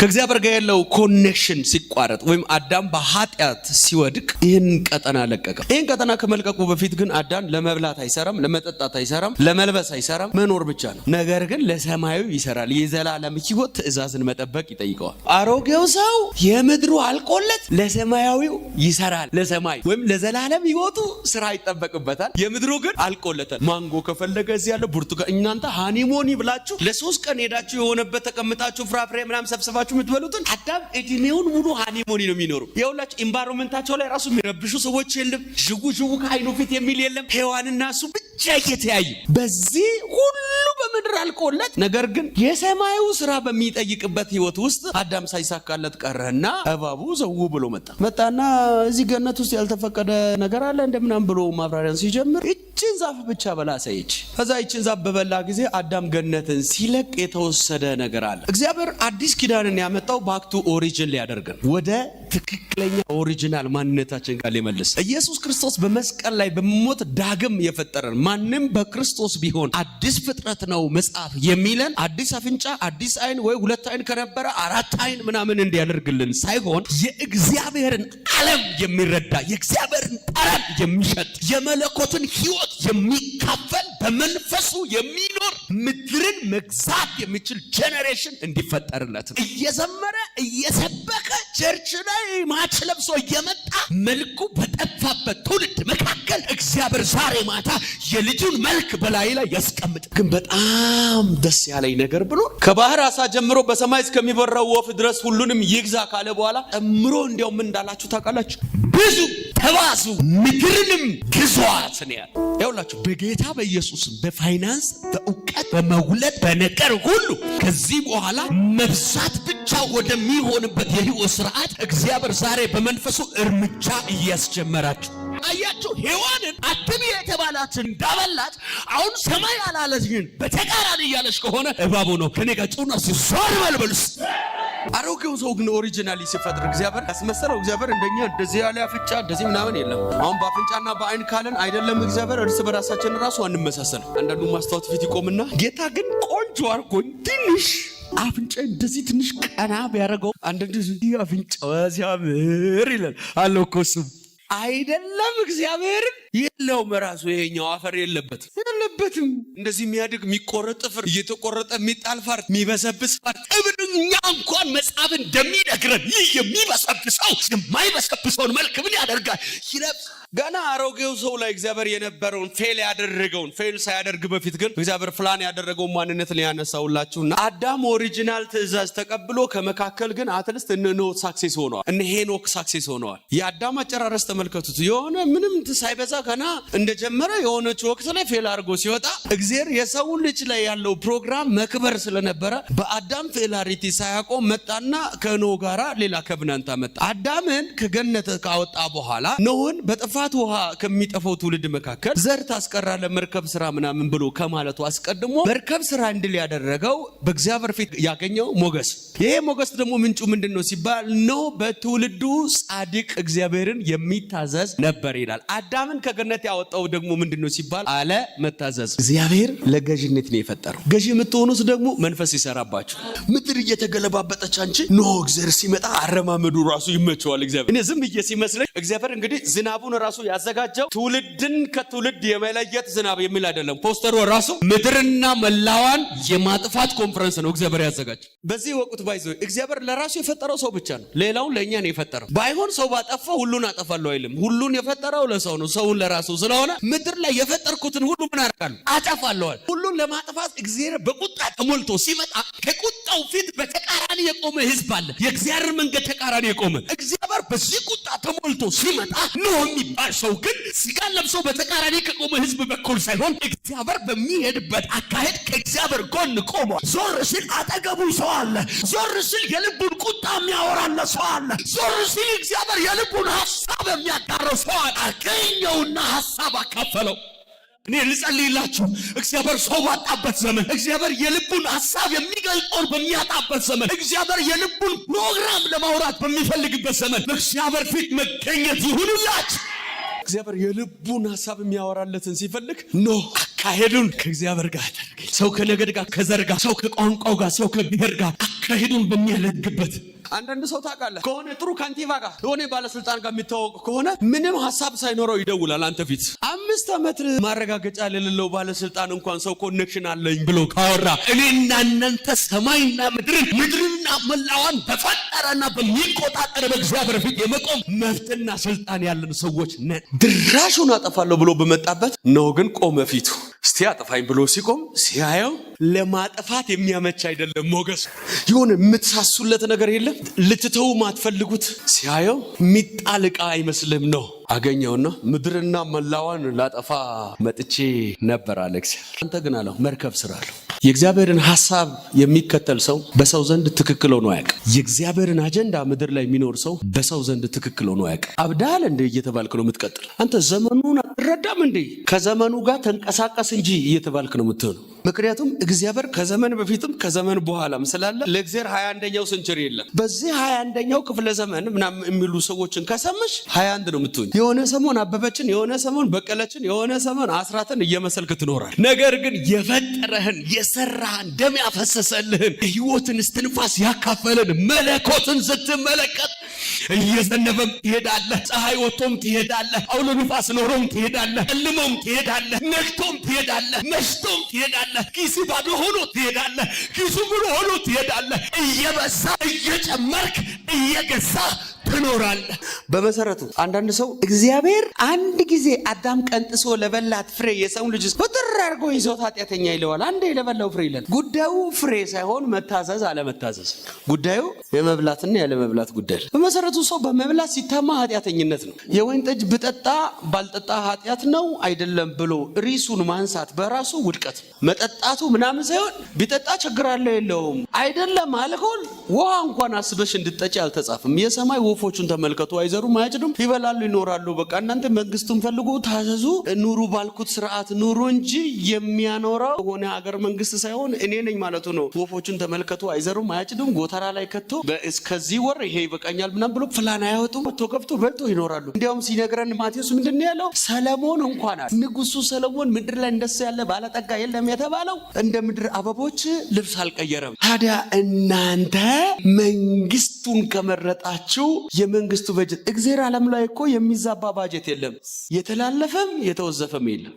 ከእግዚአብሔር ጋር ያለው ኮኔክሽን ሲቋረጥ ወይም አዳም በኃጢአት ሲወድቅ ይህን ቀጠና ለቀቀ። ይህን ቀጠና ከመልቀቁ በፊት ግን አዳም ለመብላት አይሰራም፣ ለመጠጣት አይሰራም፣ ለመልበስ አይሰራም፣ መኖር ብቻ ነው። ነገር ግን ለሰማዩ ይሰራል። የዘላለም ሕይወት ትእዛዝን መጠበቅ ይጠይቀዋል። አሮጌው ሰው የምድሩ አልቆለት ለሰማያዊው ይሰራል። ለሰማይ ወይም ለዘላለም ሕይወቱ ስራ ይጠበቅበታል። የምድሩ ግን አልቆለታል። ማንጎ ከፈለገ እዚህ ያለው ብርቱካን። እናንተ ሃኒሞኒ ብላችሁ ለሶስት ቀን ሄዳችሁ የሆነበት ተቀምጣችሁ ፍራፍሬ ምናምን ሰብስባችሁ አድርጋችሁ የምትበሉትን አዳም እድሜውን ሙሉ ሃኒሞኒ ነው የሚኖሩ። የሁላችሁ ኢንቫይሮንመንታቸው ላይ ራሱ የሚረብሹ ሰዎች የለም። ዥጉ ዥጉ ከአይኑ ፊት የሚል የለም። ሔዋንና እሱ ብቻ እየተያዩ በዚህ ሁሉ አልቆለት፣ ነገር ግን የሰማዩ ስራ በሚጠይቅበት ህይወት ውስጥ አዳም ሳይሳካለት ቀረና እባቡ ዘው ብሎ መጣ መጣና እዚህ ገነት ውስጥ ያልተፈቀደ ነገር አለ እንደምናም ብሎ ማብራሪያን ሲጀምር ይችን ዛፍ ብቻ በላ ሳይች ከዛ ይችን ዛፍ በበላ ጊዜ አዳም ገነትን ሲለቅ የተወሰደ ነገር አለ። እግዚአብሔር አዲስ ኪዳንን ያመጣው ባክቱ ኦሪጅን ሊያደርግ ወደ ትክክለኛ ኦሪጂናል ማንነታችን ጋር ሊመልስ ኢየሱስ ክርስቶስ በመስቀል ላይ በሞት ዳግም የፈጠረን ማንም በክርስቶስ ቢሆን አዲስ ፍጥረት ነው መጽሐፍ የሚለን አዲስ አፍንጫ አዲስ አይን ወይ ሁለት አይን ከነበረ አራት አይን ምናምን እንዲያደርግልን ሳይሆን የእግዚአብሔርን ዓለም የሚረዳ የእግዚአብሔርን ጠረን የሚሸጥ የመለኮትን ሕይወት የሚካፈል በመንፈሱ የሚኖር ምድርን መግዛት የሚችል ጄኔሬሽን እንዲፈጠርለት ነው። እየዘመረ እየሰበከ ቸርች ላይ ማች ለብሶ እየመጣ መልኩ በጠፋበት ትውልድ መካከል እግዚአብሔር ዛሬ ማታ የልጁን መልክ በላይ ላይ ያስቀምጥ። ግን በጣም ደስ ያለኝ ነገር ብሎ ከባህር አሳ ጀምሮ በሰማይ እስከሚበራው ወፍ ድረስ ሁሉንም ይግዛ ካለ በኋላ ጨምሮ እንዲያው ምን እንዳላችሁ ታውቃላችሁ? ብዙ ተባዙ፣ ምድርንም ግዟት ነው ያለው። በጌታ በኢየሱስ በኢየሱስ በፋይናንስ በእውቀት በመውለድ በነገር ሁሉ ከዚህ በኋላ መብዛት ብቻ ወደሚሆንበት የህይወት ስርዓት እግዚአብሔር ዛሬ በመንፈሱ እርምጃ እያስጀመራችሁ አያችሁ። ሔዋንን አትብ የተባላት እንዳበላት አሁን ሰማይ አላለችኝን በተቃራኒ እያለች ከሆነ እባቡ ነው ከኔ ጋር ጩና ሲሷል በልበልስ አሮጌውን ሰው ግን ኦሪጂናሊ ሲፈጥር እግዚአብሔር ያስመሰለው እግዚአብሔር እንደኛ እንደዚህ ያለ አፍንጫ እንደዚህ ምናምን የለም። አሁን በአፍንጫና በአይን ካለን አይደለም እግዚአብሔር እርስ በራሳችን ራሱ አንመሳሰልም። አንዳንዱ ማስታወት ፊት ይቆምና ጌታ ግን ቆንጆ አርጎኝ ትንሽ አፍንጫ እንደዚህ ትንሽ ቀና ቢያደርገው አንዳንዱ አፍንጫ ሲያምር ይላል አለው እኮ እሱም አይደለም እግዚአብሔር የለውም። ራሱ ይሄኛው አፈር የለበት የለበትም። እንደዚህ የሚያድግ የሚቆረጥ ፍር እየተቆረጠ የሚጣል ፋርት የሚበሰብስ ፋርት እብድኛ እንኳን መጽሐፍ እንደሚነግረን ይህ የሚበሰብሰው የማይበሰብሰውን መልክ ምን ያደርጋል ይለብሳል። ገና አሮጌው ሰው ላይ እግዚአብሔር የነበረውን ፌል ያደረገውን ፌል ሳያደርግ በፊት ግን እግዚአብሔር ፍላን ያደረገውን ማንነት ያነሳውላችሁና አዳም ኦሪጂናል ትእዛዝ ተቀብሎ ከመካከል ግን አትልስት እነ ኖ ሳክሴስ ሆነዋል፣ እነ ሄኖክ ሳክሴስ ሆነዋል። የአዳም አጨራረስ ተመልከቱት። የሆነ ምንም ሳይበዛ ገና እንደጀመረ የሆነች ወቅት ላይ ፌል አድርጎ ሲወጣ እግዚአብሔር የሰው ልጅ ላይ ያለው ፕሮግራም መክበር ስለነበረ በአዳም ፌላሪቲ ሳያቆም መጣና ከኖ ጋራ ሌላ ከብናንታ መጣ። አዳምን ከገነት ካወጣ በኋላ ኖህን በጥፋ በእሳት ውሃ ከሚጠፋው ትውልድ መካከል ዘር ታስቀራለህ መርከብ ስራ ምናምን ብሎ ከማለቱ አስቀድሞ መርከብ ስራ እንድል ያደረገው በእግዚአብሔር ፊት ያገኘው ሞገስ። ይሄ ሞገስ ደግሞ ምንጩ ምንድን ነው ሲባል ነው በትውልዱ ጻድቅ እግዚአብሔርን የሚታዘዝ ነበር ይላል። አዳምን ከገነት ያወጣው ደግሞ ምንድን ነው ሲባል አለ መታዘዝ። እግዚአብሔር ለገዥነት ነው የፈጠረው። ገዢ የምትሆኑት ደግሞ መንፈስ ይሰራባቸው። ምድር እየተገለባበጠች አንቺ ኖ እግዚአብሔር ሲመጣ አረማመዱ ራሱ ይመቸዋል። እግዚአብሔር እኔ ዝም ብዬ ሲመስለኝ እግዚአብሔር እንግዲህ ዝናቡን ራሱ ራሱ ያዘጋጀው ትውልድን ከትውልድ የመለየት ዝናብ የሚል አይደለም። ፖስተሩ ራሱ ምድርና መላዋን የማጥፋት ኮንፈረንስ ነው እግዚአብሔር ያዘጋጀው። በዚህ ወቅት ባይዞ እግዚአብሔር ለራሱ የፈጠረው ሰው ብቻ ነው። ሌላውን ለእኛ ነው የፈጠረው። ባይሆን ሰው ባጠፋ ሁሉን አጠፋለሁ አይልም። ሁሉን የፈጠረው ለሰው ነው፣ ሰውን ለራሱ ስለሆነ ምድር ላይ የፈጠርኩትን ሁሉ ምን አደርጋለሁ? አጠፋለዋል። ሁሉን ለማጥፋት እግዚአብሔር በቁጣ ተሞልቶ ሲመጣ ከቁጣው ፊት በተቃራኒ የቆመ ህዝብ አለ። የእግዚአብሔር መንገድ ተቃራኒ የቆመ በዚህ ቁጣ ተሞልቶ ሲመጣ ኖህ የሚባል ሰው ግን ስጋ ለብሰው በተቃራኒ ከቆመ ህዝብ በኩል ሳይሆን እግዚአብሔር በሚሄድበት አካሄድ ከእግዚአብሔር ጎን ቆሟል። ዞር ሲል አጠገቡ ሰው አለ። ዞር ሲል የልቡን ቁጣ የሚያወራለ ሰው አለ። ዞር ሲል እግዚአብሔር የልቡን ሀሳብ የሚያጋረው ሰው አለ። አገኘውና ሀሳብ አካፈለው። እኔ ልጸልይላችሁ። እግዚአብሔር ሰው ባጣበት ዘመን፣ እግዚአብሔር የልቡን ሐሳብ የሚገልጠውን በሚያጣበት ዘመን፣ እግዚአብሔር የልቡን ፕሮግራም ለማውራት በሚፈልግበት ዘመን በእግዚአብሔር ፊት መገኘት ይሁንላችሁ። እግዚአብሔር የልቡን ሐሳብ የሚያወራለትን ሲፈልግ ኖ አካሄዱን ከእግዚአብሔር ጋር ያደርግ ሰው ከነገድ ጋር ከዘር ጋር ሰው ከቋንቋው ጋር ሰው ከብሔር ጋር አካሄዱን በሚያደርግበት አንዳንድ ሰው ታውቃለህ ከሆነ ጥሩ ከንቲባ ጋር የሆነ ባለስልጣን ጋር የሚታወቅ ከሆነ ምንም ሀሳብ ሳይኖረው ይደውላል አንተ ፊት። አምስት ዓመት ማረጋገጫ ለሌለው ባለስልጣን እንኳን ሰው ኮኔክሽን አለኝ ብሎ ካወራ እኔና እናንተ ሰማይና ምድርን ምድርና መላዋን በፈጠረና በሚቆጣጠር በእግዚአብሔር ፊት የመቆም መብትና ስልጣን ያለን ሰዎች ነን። ድራሹን አጠፋለሁ ብሎ በመጣበት ነው ግን ቆመ ፊቱ እስቲ አጥፋኝ ብሎ ሲቆም ሲያየው ለማጠፋት የሚያመች አይደለም። ሞገሱ የሆነ የምትሳሱለት ነገር የለም። ልትተው ማትፈልጉት ሲያየው ሚጣል ዕቃ አይመስልም ነው። አገኘውና ምድርና መላዋን ላጠፋ መጥቼ ነበር አለ አንተ ግን አለው መርከብ ስራ አለው። የእግዚአብሔርን ሀሳብ የሚከተል ሰው በሰው ዘንድ ትክክል ሆኖ አያውቅም። የእግዚአብሔርን አጀንዳ ምድር ላይ የሚኖር ሰው በሰው ዘንድ ትክክል ሆኖ አያውቅም። አብዳል እንደ እየተባልክ ነው የምትቀጥል አንተ ዘመኑን አትረዳም እንዴ? ከዘመኑ ጋር ተንቀሳቀስ እንጂ እየተባልክ ነው የምትሆነው። ምክንያቱም እግዚአብሔር ከዘመን በፊትም ከዘመን በኋላም ስላለ ለእግዚአብሔር ሀያ አንደኛው ስንችር የለም። በዚህ ሀያ አንደኛው ክፍለ ዘመን ምናምን የሚሉ ሰዎችን ከሰምሽ ሀያ አንድ ነው የምትሆኝ። የሆነ ሰሞን አበበችን፣ የሆነ ሰሞን በቀለችን፣ የሆነ ሰሞን አስራትን እየመሰልክ ትኖራል። ነገር ግን የፈጠረህን የሰራህን ደም ያፈሰሰልህን ህይወትን እስትንፋስ ያካፈለን መለኮትን ስትመለከት እየዘነበም ትሄዳለህ፣ ፀሐይ ወጥቶም ትሄዳለህ፣ አውሎ ንፋስ ኖሮም ትሄዳለህ፣ እልሞም ትሄዳለህ፣ ነግቶም ትሄዳለህ፣ መሽቶም ትሄዳለህ፣ ኪስ ባዶ ሆኖ ትሄዳለህ፣ ኪሱ ሙሉ ሆኖ ትሄዳለህ። እየበዛ እየጨመርክ እየገዛ ትኖራለህ። በመሰረቱ አንዳንድ ሰው እግዚአብሔር አንድ ጊዜ አዳም ቀንጥሶ ለበላት ፍሬ የሰው ልጅ ፍጥር አድርጎ ይዞት ኃጢአተኛ ይለዋል። አንዴ የለበላው ፍሬ ይላል። ጉዳዩ ፍሬ ሳይሆን መታዘዝ አለመታዘዝ፣ ጉዳዩ የመብላትና ያለመብላት ጉዳይ። በመሰረቱ ሰው በመብላት ሲታማ ኃጢአተኝነት ነው። የወይን ጠጅ ብጠጣ ባልጠጣ ኃጢአት ነው አይደለም ብሎ ርዕሱን ማንሳት በራሱ ውድቀት መጠጣቱ ምናምን ሳይሆን ቢጠጣ ችግር አለው የለውም አይደለም አልኮል ውሃ እንኳን አስበሽ እንድጠጪ አልተጻፈም። የሰማይ ወፎቹን ተመልከቱ፣ አይዘሩም፣ አያጭዱም፣ ይበላሉ፣ ይኖራሉ። በቃ እናንተ መንግስቱን ፈልጉ፣ ታዘዙ፣ ኑሩ፣ ባልኩት ስርዓት ኑሩ እንጂ የሚያኖረው የሆነ ሀገር መንግስት ሳይሆን እኔ ነኝ ማለቱ ነው። ወፎቹን ተመልከቱ፣ አይዘሩም፣ አያጭዱም፣ ጎተራ ላይ ከቶ እስከዚህ ወር ይሄ ይበቃኛል ምናም ብሎ ፍላን አያወጡም። ቶ ገብቶ በልቶ ይኖራሉ። እንዲያውም ሲነግረን ማቴዎስ ምንድን ያለው ሰለሞን እንኳን ንጉሱ ሰለሞን ምድር ላይ እንደሱ ያለ ባለጠጋ የለም የተባለው እንደ ምድር አበቦች ልብስ አልቀየረም። ታዲያ እናንተ መንግስቱን ከመረጣችሁ የመንግስቱ በጀት እግዜር ዓለም ላይ እኮ የሚዛባ ባጀት የለም። የተላለፈም የተወዘፈም የለም።